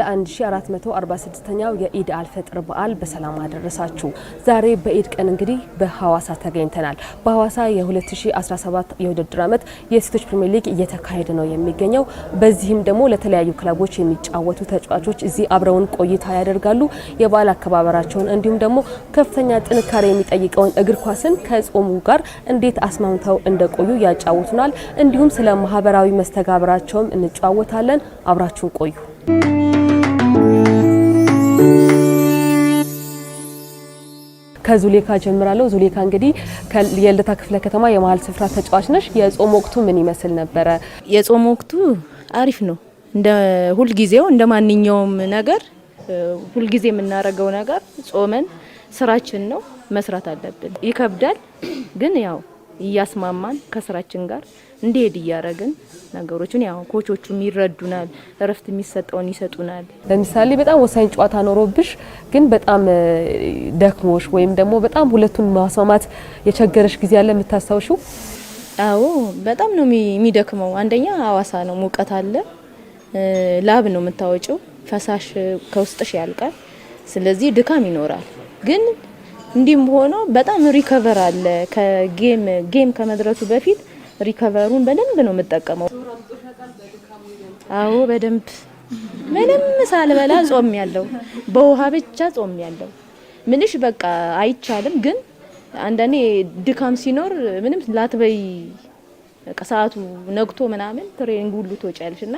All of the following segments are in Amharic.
ለ1446ኛው የኢድ አልፈጥር በዓል በሰላም አደረሳችሁ። ዛሬ በኢድ ቀን እንግዲህ በሐዋሳ ተገኝተናል። በሐዋሳ የ2017 የውድድር ዓመት የሴቶች ፕሪሚየር ሊግ እየተካሄደ ነው የሚገኘው። በዚህም ደግሞ ለተለያዩ ክለቦች የሚጫወቱ ተጫዋቾች እዚህ አብረውን ቆይታ ያደርጋሉ። የበዓል አከባበራቸውን እንዲሁም ደግሞ ከፍተኛ ጥንካሬ የሚጠይቀውን እግር ኳስን ከጾሙ ጋር እንዴት አስማምተው እንደቆዩ ያጫውቱናል። እንዲሁም ስለ ማህበራዊ መስተጋብራቸውም እንጨዋወታለን። አብራችሁን ቆዩ። ከዙሌካ ጀምራለሁ። ዙሌካ እንግዲህ የልደታ ክፍለ ከተማ የመሀል ስፍራ ተጫዋች ነሽ። የጾም ወቅቱ ምን ይመስል ነበረ? የጾም ወቅቱ አሪፍ ነው። እንደ ሁልጊዜው እንደ ማንኛውም ነገር ሁልጊዜ የምናደርገው ነገር ጾመን ስራችን ነው መስራት አለብን። ይከብዳል ግን ያው እያስማማን ከስራችን ጋር እንዲሄድ እያደረግን ነገሮችን ያው ኮቾቹም ይረዱናል፣ እረፍት የሚሰጠውን ይሰጡናል። ለምሳሌ በጣም ወሳኝ ጨዋታ ኖሮብሽ ግን በጣም ደክሞሽ ወይም ደግሞ በጣም ሁለቱን ማስማማት የቸገረሽ ጊዜ አለ የምታስታውሽው? አዎ በጣም ነው የሚደክመው። አንደኛ ሀዋሳ ነው፣ ሙቀት አለ፣ ላብ ነው የምታወጭው ፈሳሽ ከውስጥሽ ያልቃል። ስለዚህ ድካም ይኖራል ግን እንዲህም ሆኖ በጣም ሪከቨር አለ። ከጌም ጌም ከመድረሱ በፊት ሪከቨሩን በደንብ ነው የምጠቀመው። አዎ በደንብ ምንም ሳልበላ ጾም ያለው በውሃ ብቻ ጾም ያለው ምንሽ በቃ አይቻልም። ግን አንዳንዴ ድካም ሲኖር ምንም ላትበይ ሰዓቱ ነግቶ ምናምን ትሬኒንግ ሁሉ ትወጫለሽ እና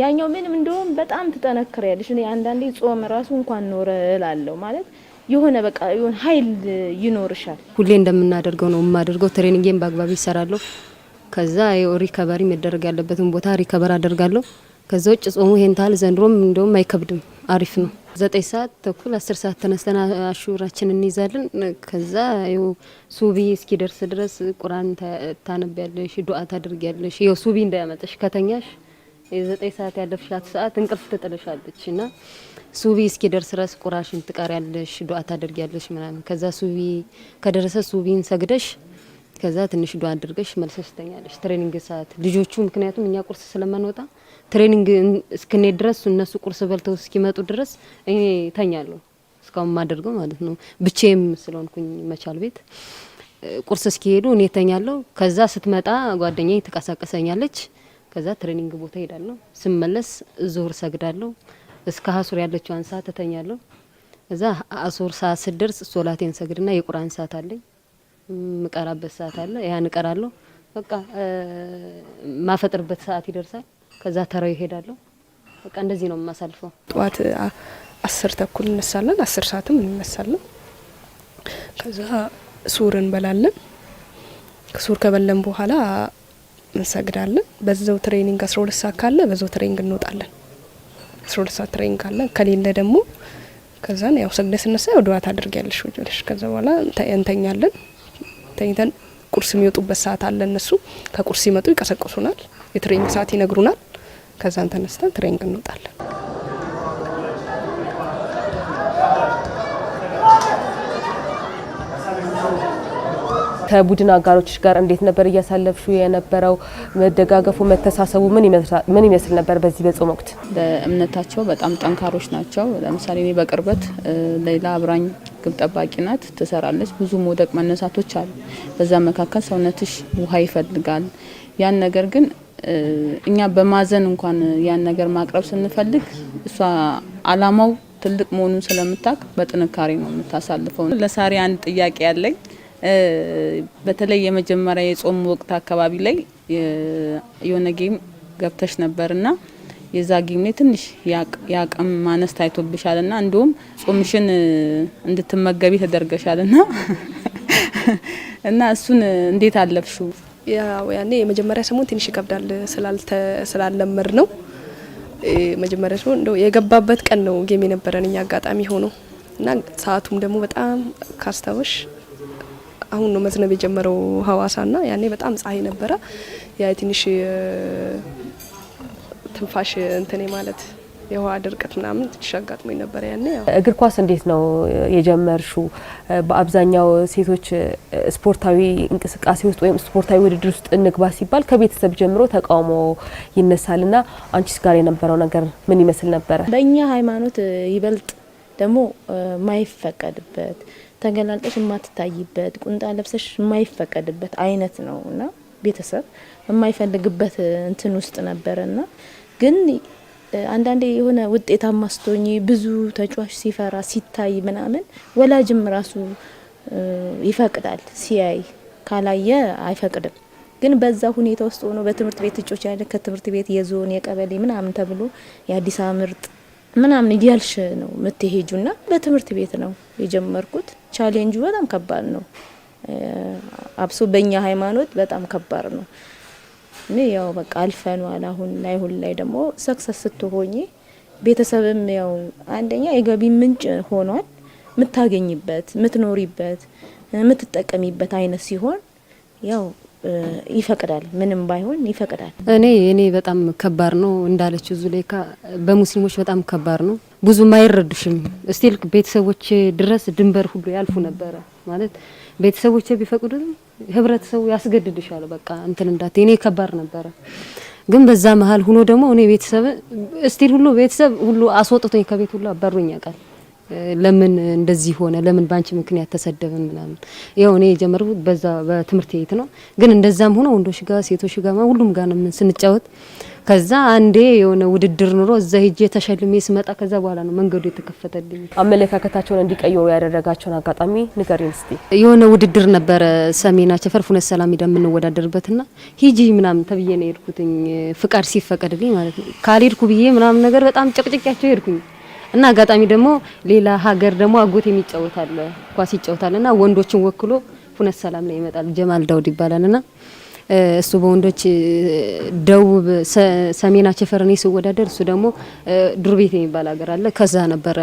ያኛው ምንም እንደውም በጣም ትጠነክሪያለሽ። እኔ አንዳንዴ ጾም ራሱ እንኳን ኖረ እላለሁ ማለት የሆነ በቃ የሆነ ኃይል ይኖርሻል። ሁሌ እንደምናደርገው ነው የማደርገው። ትሬኒንጌን በአግባቢ ይሰራለሁ። ከዛ ሪከቨሪ መደረግ ያለበትን ቦታ ሪከቨር አደርጋለሁ። ከዛ ውጭ ጾሙ ይሄን ታህል ዘንድሮም እንደውም አይከብድም፣ አሪፍ ነው። ዘጠኝ ሰዓት ተኩል አስር ሰዓት ተነስተን አሹራችን እንይዛለን። ከዛ ይኸው ሱቢ እስኪደርስ ድረስ ቁርአን ታነቢያለሽ፣ ዱአ ታደርጊያለሽ። ይኸው ሱቢ እንዳያመጠሽ ከተኛሽ የዘጠኝ ሰዓት ያለፍሻት ሰዓት እንቅልፍ ትጥልሻለች እና ሱቪ እስኪ ደርስ ረስ ቁራሽን ትቃር ትቀሪያለሽ፣ ዱአ ያለሽ ምናምን። ከዛ ሱቪ ከደረሰ ሱቪን ሰግደሽ ከዛ ትንሽ ዱአ አድርገሽ መልሰሽ ትተኛለሽ። ትሬኒንግ ሰዓት ልጆቹ ምክንያቱም እኛ ቁርስ ስለማንወጣ ትሬኒንግ እስክኔ ድረስ እነሱ ቁርስ በልተው እስኪመጡ ድረስ እኔ ተኛለሁ። እስካሁን ማደርገው ማለት ነው ብቼም ስለሆንኩኝ መቻል ቤት ቁርስ እስኪሄዱ እኔ ተኛለሁ። ከዛ ስትመጣ ጓደኛ ትቀሳቀሰኛለች። ከዛ ትሬኒንግ ቦታ ሄዳለሁ። ስመለስ ዙሁር ሰግዳለሁ። እስከ ሀሱር ያለችዋን ሰዓት እተኛለሁ። እዛ አሱር ሰዓት ስደርስ ሶላቴን ሰግድና የቁርአን ሰዓት አለኝ ምቀራበት ሰዓት አለ። ያን እቀራለሁ። በቃ ማፈጥርበት ሰዓት ይደርሳል። ከዛ ተራው ይሄዳለሁ። በቃ እንደዚህ ነው የማሳልፈው። ጠዋት አስር ተኩል እንነሳለን፣ አስር ሰዓትም እንነሳለን። ከዛ ሱር እንበላለን። ሱር ከበለን በኋላ እንሰግዳለን። በዛው ትሬኒንግ አስራ ሁለት ሰዓት ካለ በዛው ትሬኒንግ እንወጣለን። አስራ ሁለት ሰዓት ትሬኒንግ ካለ ከሌለ ደግሞ ከዛን ያው ሰግደ ስነሳ ያው ድዋ ታደርጊያለሽ ውጭ ከዛ በኋላ እንተኛለን። ተኝተን ቁርስ የሚወጡበት ሰዓት አለ። እነሱ ከቁርስ ሲመጡ ይቀሰቅሱናል። የትሬኒንግ ሰዓት ይነግሩናል። ከዛን ተነስተን ትሬኒንግ እንወጣለን። ከቡድን አጋሮች ጋር እንዴት ነበር እያሳለፍሹ የነበረው? መደጋገፉ፣ መተሳሰቡ ምን ይመስል ነበር በዚህ በጾም ወቅት? በእምነታቸው በጣም ጠንካሮች ናቸው። ለምሳሌ እኔ በቅርበት ሌላ አብራኝ ግብ ጠባቂ ናት፣ ትሰራለች። ብዙ መውደቅ መነሳቶች አሉ። በዛ መካከል ሰውነትሽ ውሃ ይፈልጋል። ያን ነገር ግን እኛ በማዘን እንኳን ያን ነገር ማቅረብ ስንፈልግ እሷ አላማው ትልቅ መሆኑን ስለምታውቅ በጥንካሬ ነው የምታሳልፈው። ለሳሪ አንድ ጥያቄ ያለኝ በተለይ የመጀመሪያ የጾም ወቅት አካባቢ ላይ የሆነ ጌም ገብተሽ ነበርና የዛ ጌም ላይ ትንሽ የአቅም ማነስ ታይቶብሻልና እንዲሁም ጾምሽን እንድትመገቢ ተደርገሻልና እና እሱን እንዴት አለፍሽው? ያው ያኔ የመጀመሪያ ሰሞን ትንሽ ይከብዳል ስላልለመድ ነው። መጀመሪያ ሰሞን እንደው የገባበት ቀን ነው ጌም የነበረን እኛ አጋጣሚ ሆኖ እና ሰዓቱም ደግሞ በጣም ካስታወሽ አሁን ነው መዝነብ የጀመረው ሀዋሳና ያኔ በጣም ፀሐይ ነበረ። ያ ትንሽ ትንፋሽ እንትኔ ማለት የውሃ ድርቀት ምናምን ትንሽ አጋጥሞኝ ነበረ ያኔ። እግር ኳስ እንዴት ነው የጀመርሹ? በአብዛኛው ሴቶች ስፖርታዊ እንቅስቃሴ ውስጥ ወይም ስፖርታዊ ውድድር ውስጥ እንግባ ሲባል ከቤተሰብ ጀምሮ ተቃውሞ ይነሳልና አንቺስ ጋር የነበረው ነገር ምን ይመስል ነበረ? በእኛ ሃይማኖት ይበልጥ ደግሞ ማይፈቀድበት ተገላልጠሽ የማትታይበት ቁንጣ ለብሰሽ የማይፈቀድበት አይነት ነው እና ቤተሰብ የማይፈልግበት እንትን ውስጥ ነበረ እና ግን አንዳንዴ የሆነ ውጤታማ ስትሆኚ ብዙ ተጫዋች ሲፈራ ሲታይ ምናምን ወላጅም ራሱ ይፈቅዳል። ሲያይ ካላየ አይፈቅድም። ግን በዛ ሁኔታ ውስጥ ሆኖ በትምህርት ቤት እጮች ያለ ከትምህርት ቤት የዞን የቀበሌ ምናምን ተብሎ የአዲስ አበባ ምርጥ ምናምን እያልሽ ነው የምትሄጁ ና በትምህርት ቤት ነው የጀመርኩት። ቻሌንጁ በጣም ከባድ ነው። አብሶ በእኛ ሃይማኖት በጣም ከባድ ነው። እኔ ያው በቃ አልፈኗል። አሁን ላይ ሁን ላይ ደግሞ ሰክሰስ ስትሆኚ ቤተሰብም ያው አንደኛ የገቢ ምንጭ ሆኗል የምታገኝበት፣ የምትኖሪበት፣ የምትጠቀሚበት አይነት ሲሆን ያው ይፈቅዳል። ምንም ባይሆን ይፈቅዳል። እኔ እኔ በጣም ከባድ ነው እንዳለችው ዙሌካ በሙስሊሞች በጣም ከባድ ነው። ብዙም አይረዱሽም። እስቲል ቤተሰቦች ድረስ ድንበር ሁሉ ያልፉ ነበረ ማለት ቤተሰቦች ቢፈቅዱትም ህብረተሰቡ ያስገድድሻል። በቃ እንትን እንዳት እኔ ከባድ ነበረ። ግን በዛ መሀል ሁኖ ደግሞ እኔ ቤተሰብ እስቲል ሁሉ ቤተሰብ ሁሉ አስወጥቶኝ ከቤት ሁሉ አባሮኝ ያውቃል። ለምን እንደዚህ ሆነ፣ ለምን ባንቺ ምክንያት ተሰደብን ምናምን። ያው እኔ የጀመርኩት በዛ በትምህርት ቤት ነው፣ ግን እንደዛም ሆነ ወንዶች ጋር ሴቶች ጋር ሁሉም ጋር ምን ስንጫወት፣ ከዛ አንዴ የሆነ ውድድር ኑሮ እዛ ሄጄ ተሸልሜ ስመጣ ከዛ በኋላ ነው መንገዱ የተከፈተልኝ። አመለካከታቸውን እንዲቀይሩ ያደረጋቸውን አጋጣሚ ንገሪን እስቲ። የሆነ ውድድር ነበረ ሰሜን አቸፈር ፍኖተ ሰላም ሄዳ የምንወዳደርበትና ሂጂ ምናምን ተብዬ ነው የሄድኩትኝ፣ ፍቃድ ሲፈቀድልኝ ማለት ነው። ካልሄድኩ ብዬ ምናምን ነገር በጣም ጨቅጭቂያቸው ሄድኩኝ። እና አጋጣሚ ደግሞ ሌላ ሀገር ደግሞ አጎቴ የሚጫወታል ኳስ ይጫወታል እና ወንዶችን ወክሎ ሁነት ሰላም ላይ ይመጣል። ጀማል ዳውድ ይባላል እና እሱ በወንዶች ደቡብ ሰሜና ቸፈርን ሲወዳደር እሱ ደግሞ ዱር ቤት የሚባል ሀገር አለ። ከዛ ነበረ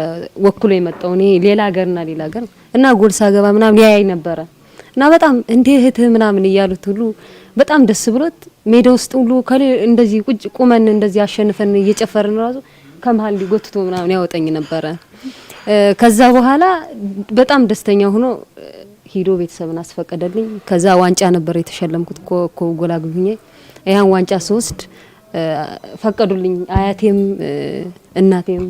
ወክሎ የመጣው እኔ ሌላ ሀገርና ሌላ ሀገር እና ጎል ሳገባ ምናምን ያያይ ነበረ እና በጣም እንደ እህትህ ምናምን እያሉት ሁሉ በጣም ደስ ብሎት ሜዳ ውስጥ ሁሉ እንደዚህ ቁጭ ቁመን እንደዚህ አሸንፈን እየጨፈርን ራሱ ከመሀል ሊጎትቶ ምናምን ያወጠኝ ነበረ። ከዛ በኋላ በጣም ደስተኛ ሆኖ ሂዶ ቤተሰብን አስፈቀደልኝ። ከዛ ዋንጫ ነበር የተሸለምኩት ኮከብ ጎል አግቢኝ። ያን ዋንጫ ስወስድ ፈቀዱልኝ። አያቴም እናቴም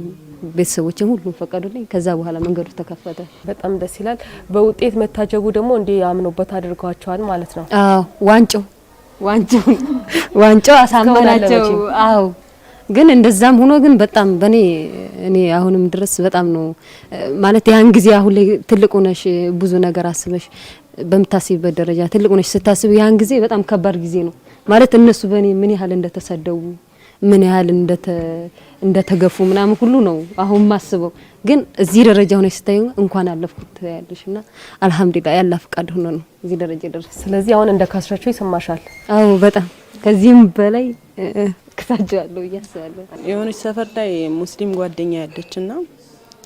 ቤተሰቦችም ሁሉም ፈቀዱልኝ። ከዛ በኋላ መንገዱ ተከፈተ። በጣም ደስ ይላል። በውጤት መታጀቡ ደግሞ እንዲ አምኖበት አድርገዋቸዋል ማለት ነው። አዎ ዋንጫው ዋንጫው ዋንጫው አሳመናቸው። አዎ ግን እንደዛም ሆኖ ግን በጣም በኔ እኔ አሁንም ድረስ በጣም ነው ማለት ያን ጊዜ አሁን ላይ ትልቅ ሆነሽ ብዙ ነገር አስበሽ በምታስቢበት ደረጃ ትልቅ ነሽ ስታስብ ያን ጊዜ በጣም ከባድ ጊዜ ነው ማለት እነሱ በእኔ ምን ያህል እንደተሰደቡ ምን ያህል እንደተገፉ ምናምን ሁሉ ነው አሁን ማስበው። ግን እዚህ ደረጃ ሆነሽ ስታዩ እንኳን አለፍኩት ያለሽ እና አልሐምዱሊላህ ያላ ፍቃድ ሆኖ ነው እዚህ ደረጃ ደረስ። ስለዚህ አሁን እንደ ካስሻቸው ይሰማሻል? አዎ በጣም ከዚህም በላይ አስከታጃለሁ እያስባለሁ። የሆነች ሰፈር ላይ ሙስሊም ጓደኛ ያለች ና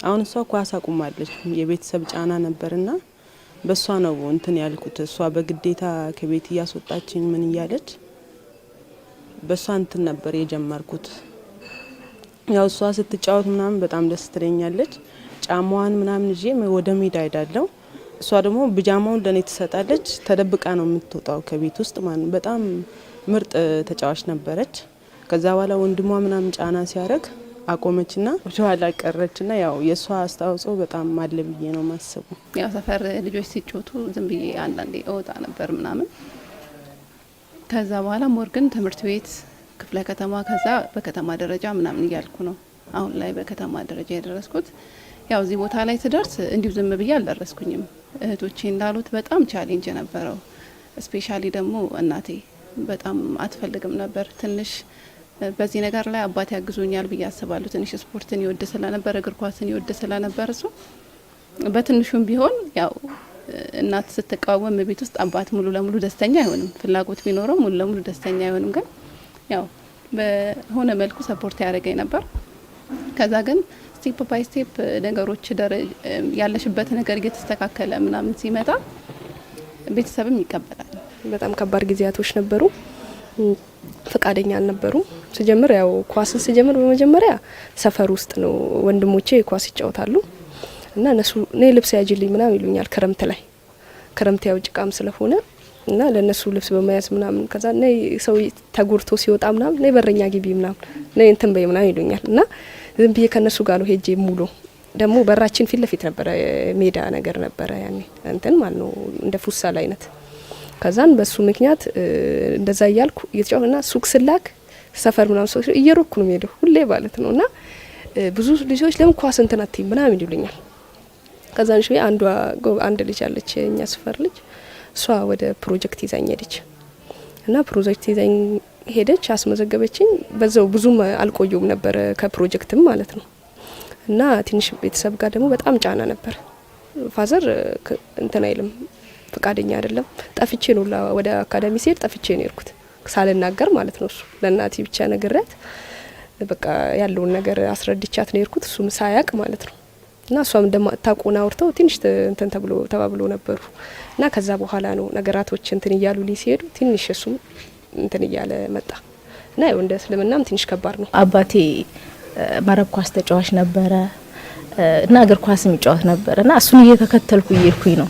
አሁን እሷ ኳስ አቁማለች። የቤተሰብ ጫና ነበርና በእሷ ነው እንትን ያልኩት። እሷ በግዴታ ከቤት እያስወጣችኝ ምን እያለች በእሷ እንትን ነበር የጀመርኩት። ያው እሷ ስትጫወት ምናምን በጣም ደስ ትለኛለች። ጫማዋን ምናምን ይዤ ወደ ሜዳ ሄዳለሁ። እሷ ደግሞ ብጃማውን ለእኔ ትሰጣለች። ተደብቃ ነው የምትወጣው ከቤት ውስጥ ማለት በጣም ምርጥ ተጫዋች ነበረች። ከዛ በኋላ ወንድሟ ምናምን ጫና ሲያደርግ አቆመችና ቀረች ና ያው የእሷ አስተዋጽኦ በጣም አለ ብዬ ነው ማስቡ። ያው ሰፈር ልጆች ሲጮቱ ዝም ብዬ አንዳንዴ እወጣ ነበር ምናምን። ከዛ በኋላ ሞር ግን ትምህርት ቤት ክፍለ ከተማ፣ ከዛ በከተማ ደረጃ ምናምን እያልኩ ነው አሁን ላይ በከተማ ደረጃ የደረስኩት። ያው እዚህ ቦታ ላይ ስደርስ እንዲሁ ዝም ብዬ አልደረስኩኝም። እህቶቼ እንዳሉት በጣም ቻሌንጅ ነበረው። ስፔሻሊ ደግሞ እናቴ በጣም አትፈልግም ነበር ትንሽ በዚህ ነገር ላይ አባት ያግዞኛል ብዬ አስባለሁ። ትንሽ ስፖርትን ይወድ ስለነበር እግር ኳስን ይወድ ስለነበር እሱ በትንሹም ቢሆን ያው እናት ስትቃወም ቤት ውስጥ አባት ሙሉ ለሙሉ ደስተኛ አይሆንም። ፍላጎት ቢኖረው ሙሉ ለሙሉ ደስተኛ አይሆንም። ግን ያው በሆነ መልኩ ሰፖርት ያደረገኝ ነበር። ከዛ ግን ስቴፕ ባይ ስቴፕ ነገሮች ያለሽበት ነገር እየተስተካከለ ምናምን ሲመጣ ቤተሰብም ይቀበላል። በጣም ከባድ ጊዜያቶች ነበሩ። ፈቃደኛ አልነበሩ ስጀምር ያው ኳስን ስጀምር በመጀመሪያ ሰፈር ውስጥ ነው ወንድሞቼ ኳስ ይጫወታሉ እና እነሱ እኔ ልብስ ያጅልኝ ምናምን ይሉኛል። ክረምት ላይ ክረምት ያው ጭቃም ስለሆነ እና ለእነሱ ልብስ በመያዝ ምናምን ከዛ ነ ሰው ተጎድቶ ሲወጣ ምናምን ነ በረኛ ግቢ ምናምን ነ እንትን በይ ምናምን ይሉኛል እና ዝም ብዬ ከእነሱ ጋር ነው ሄጄ ሙሉ ደግሞ በራችን ፊት ለፊት ነበረ ሜዳ ነገር ነበረ ያኔ እንትን ማለት ነው እንደ ፉሳል አይነት ከዛን በሱ ምክንያት እንደዛ እያልኩ እየተጫወ እና ሱቅ ስላክ ሰፈር ምናምን ሰዎች እየሮኩ ነው የሚሄደው ሁሌ ማለት ነው። እና ብዙ ልጆች ለምን ኳስ እንትን አትይም ምናምን ይሉኛል። ከዛ ሽ አንዷ አንድ ልጅ አለች የእኛ ሰፈር ልጅ፣ እሷ ወደ ፕሮጀክት ይዛኝ ሄደች እና ፕሮጀክት ይዛኝ ሄደች አስመዘገበችኝ። በዛው ብዙም አልቆየውም ነበረ ከፕሮጀክትም ማለት ነው። እና ትንሽ ቤተሰብ ጋር ደግሞ በጣም ጫና ነበር። ፋዘር እንትን አይልም፣ ፈቃደኛ አይደለም። ጠፍቼ ነው ወደ አካዳሚ ሲሄድ ጠፍቼ ነው የሄድኩት። ሳልናገር ማለት ነው። እሱ ለእናቴ ብቻ ነግሬያት በቃ ያለውን ነገር አስረድቻት ነው የሄድኩት፣ እሱም ሳያቅ ማለት ነው። እና እሷም እንደማታውቁን አውርተው ትንሽ እንትን ተብሎ ተባብሎ ነበሩ እና ከዛ በኋላ ነው ነገራቶች እንትን እያሉ ሊ ሲሄዱ ትንሽ እሱም እንትን እያለ መጣ እና ያው እንደ እስልምናም ትንሽ ከባድ ነው። አባቴ መረብ ኳስ ተጫዋች ነበረ እና እግር ኳስ የሚጫወት ነበረ እና እሱን እየተከተልኩ እየሄድኩኝ ነው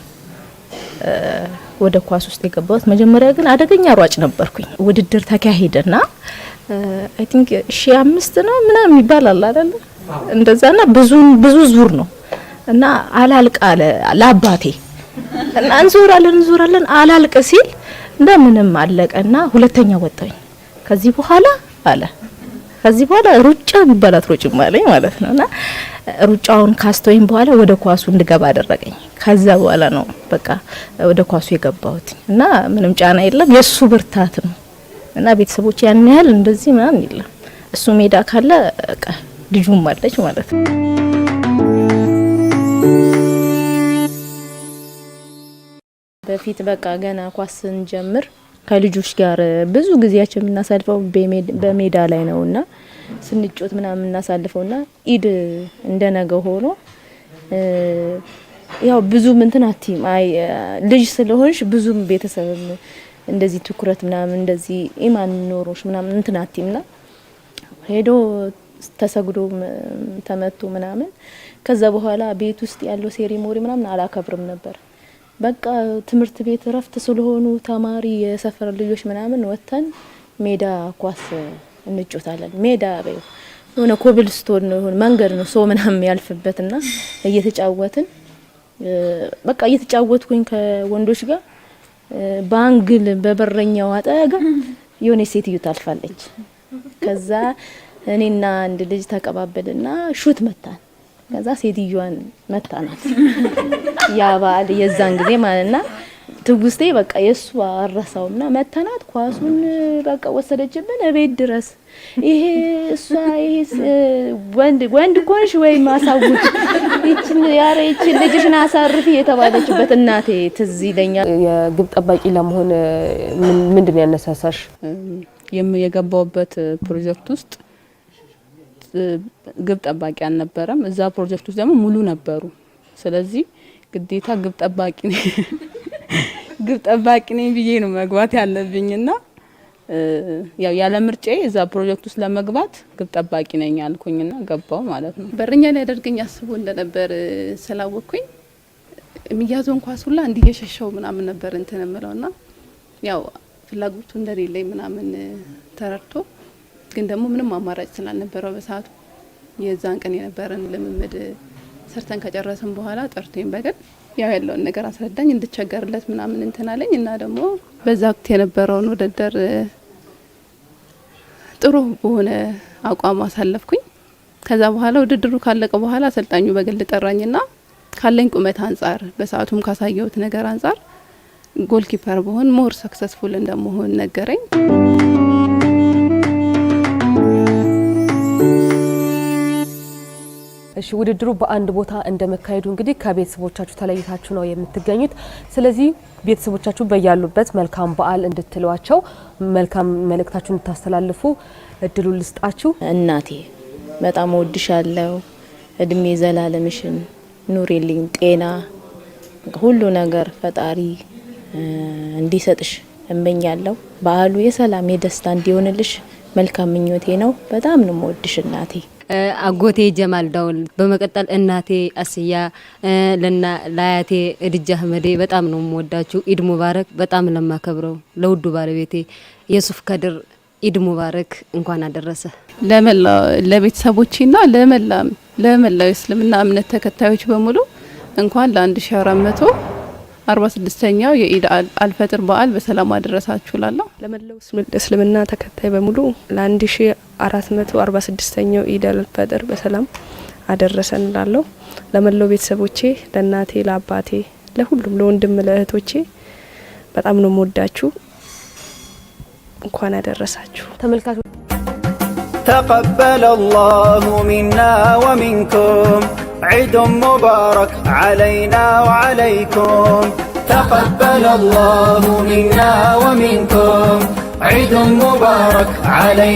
ወደ ኳስ ውስጥ የገባሁት። መጀመሪያ ግን አደገኛ ሯጭ ነበርኩኝ። ውድድር ተካሄደና አይ ቲንክ ሺ አምስት ነው ምናምን ይባላል አይደለ እንደዛና ብዙ ብዙ ዙር ነው እና አላልቅ አለ ለአባቴ እና እንዞራለን እንዞራለን አላልቅ ሲል እንደምንም አለቀና ሁለተኛ ወጣኝ። ከዚህ በኋላ አለ ከዚህ በኋላ ሩጫ የሚባል አትሮጭም አለኝ ማለት ነው። እና ሩጫውን ካስተወኝ በኋላ ወደ ኳሱ እንድገባ አደረገኝ። ከዛ በኋላ ነው በቃ ወደ ኳሱ የገባሁት እና ምንም ጫና የለም የእሱ ብርታት ነው እና ቤተሰቦች ያን ያህል እንደዚህ ምናምን የለም። እሱ ሜዳ ካለ በቃ ልጁም አለች ማለት ነው። በፊት በቃ ገና ኳስ ስንጀምር ከልጆች ጋር ብዙ ጊዜያችን የምናሳልፈው በሜዳ ላይ ነው እና ስንጮት ምናምን የምናሳልፈው ኢድ እንደ ነገ ሆኖ ያው ብዙም እንትን አትይም። አይ ልጅ ስለሆንሽ ብዙም ቤተሰብም እንደዚህ ትኩረት ምናምን እንደዚህ ኢማን ኖሮሽ ምናምን እንትን አትይም ሄዶ ተሰግዶ ተመቶ ምናምን ከዛ በኋላ ቤት ውስጥ ያለው ሴሪሞሪ ምናምን አላከብርም ነበር። በቃ ትምህርት ቤት እረፍት ስለሆኑ ተማሪ የሰፈር ልጆች ምናምን ወጥተን ሜዳ ኳስ እንጮታለን። ሜዳ በይ የሆነ ኮብልስቶን ነው የሆነ መንገድ ነው ሰው ምናምን ያልፍበትና እየተጫወትን በቃ እየተጫወትኩኝ ከወንዶች ጋር በአንግል በበረኛው አጠገብ የሆነ ሴትዮ ታልፋለች። ከዛ እኔና አንድ ልጅ ተቀባበልና ሹት መታን። ከዛ ሴትዮዋን መታናት። ያ በዓል የዛን ጊዜ ማለትና ትውስቴ በቃ የእሱ አረሳውና መተናት ኳሱን በቃ ወሰደችብን እቤት ድረስ። ይሄ እሷ ይሄ ወንድ ወንድ ኮንሽ ወይ ማሳውቅ ይችን ያረ ይችን ልጅሽን አሳርፊ የተባለችበት እናቴ ትዝ ይለኛል። የግብ ጠባቂ ለመሆን ምንድን ያነሳሳሽ? የገባውበት ፕሮጀክት ውስጥ ግብ ጠባቂ አልነበረም። እዛ ፕሮጀክት ውስጥ ደግሞ ሙሉ ነበሩ። ስለዚህ ግዴታ ግብ ጠባቂ ነኝ ግብ ጠባቂ ነኝ ብዬ ነው መግባት ያለብኝና ያው ያለ ምርጫዬ እዛ ፕሮጀክት ውስጥ ለመግባት ግብ ጠባቂ ነኝ ና ገባው ማለት ነው። በረኛ ሊያደርገኝ አስቦ እንደነበር ስላወቅኩኝ የሚያዘውን ኳስ ሁላ እንዲህ የሸሸው ምናምን ነበር እንትን ና ያው ፍላጎቱ እንደሌለኝ ምናምን ተረድቶ ግን ደግሞ ምንም አማራጭ ስላልነበረው በሰዓቱ የዛን ቀን የነበረን ልምምድ ሰርተን ከጨረስን በኋላ ጠርቶኝ በግል ያው ያለውን ነገር አስረዳኝ እንድቸገርለት ምናምን እንትናለኝ እና ደግሞ በዛ ወቅት የነበረውን ውድድር ጥሩ በሆነ አቋም አሳለፍኩኝ። ከዛ በኋላ ውድድሩ ካለቀ በኋላ አሰልጣኙ በግል ጠራኝና ካለኝ ቁመት አንጻር በሰዓቱም ካሳየሁት ነገር አንጻር ጎልኪፐር በሆን ሞር ሰክሰስፉል እንደመሆን ነገረኝ። እሺ ውድድሩ በአንድ ቦታ እንደመካሄዱ እንግዲህ ከቤተሰቦቻችሁ ተለይታችሁ ነው የምትገኙት። ስለዚህ ቤተሰቦቻችሁ በያሉበት መልካም በዓል እንድትሏቸው መልካም መልእክታችሁን እንድታስተላልፉ እድሉ ልስጣችሁ። እናቴ በጣም ወድሻለሁ። እድሜ ዘላለምሽን ኑሪልኝ። ጤና፣ ሁሉ ነገር ፈጣሪ እንዲሰጥሽ እመኛለሁ። በዓሉ የሰላም የደስታ እንዲሆንልሽ መልካም ምኞቴ ነው። በጣም ነው የምወድሽ እናቴ። አጎቴ ጀማል ዳውል፣ በመቀጠል እናቴ አስያ፣ ለአያቴ እድጃ አህመዴ በጣም ነው የምወዳችሁ። ኢድ ሙባረክ። በጣም ለማከብረው ለውዱ ባለቤቴ የሱፍ ከድር ኢድ ሙባረክ፣ እንኳን አደረሰ። ለቤተሰቦቼና ለመላው የእስልምና እምነት ተከታዮች በሙሉ እንኳን ለአንድ 1400 መቶ አርባ ስድስተኛው የኢድ አልፈጥር በዓል በሰላም አደረሳችሁ ላለሁ ለመላው እስልምና ተከታይ በሙሉ ለአንድ ሺ አራት መቶ አርባ ስድስተኛው ኢድ አልፈጥር በሰላም አደረሰን ላለሁ ለመላው ቤተሰቦቼ፣ ለእናቴ፣ ለአባቴ፣ ለሁሉም ለወንድም ለእህቶቼ በጣም ነው የምወዳችሁ። እንኳን አደረሳችሁ ተመልካቾች። ተቀበለ አላሁ ሚና ወሚንኩም عيد مبارك علينا وعليكم تقبل الله منا ومنكم عيد مبارك علينا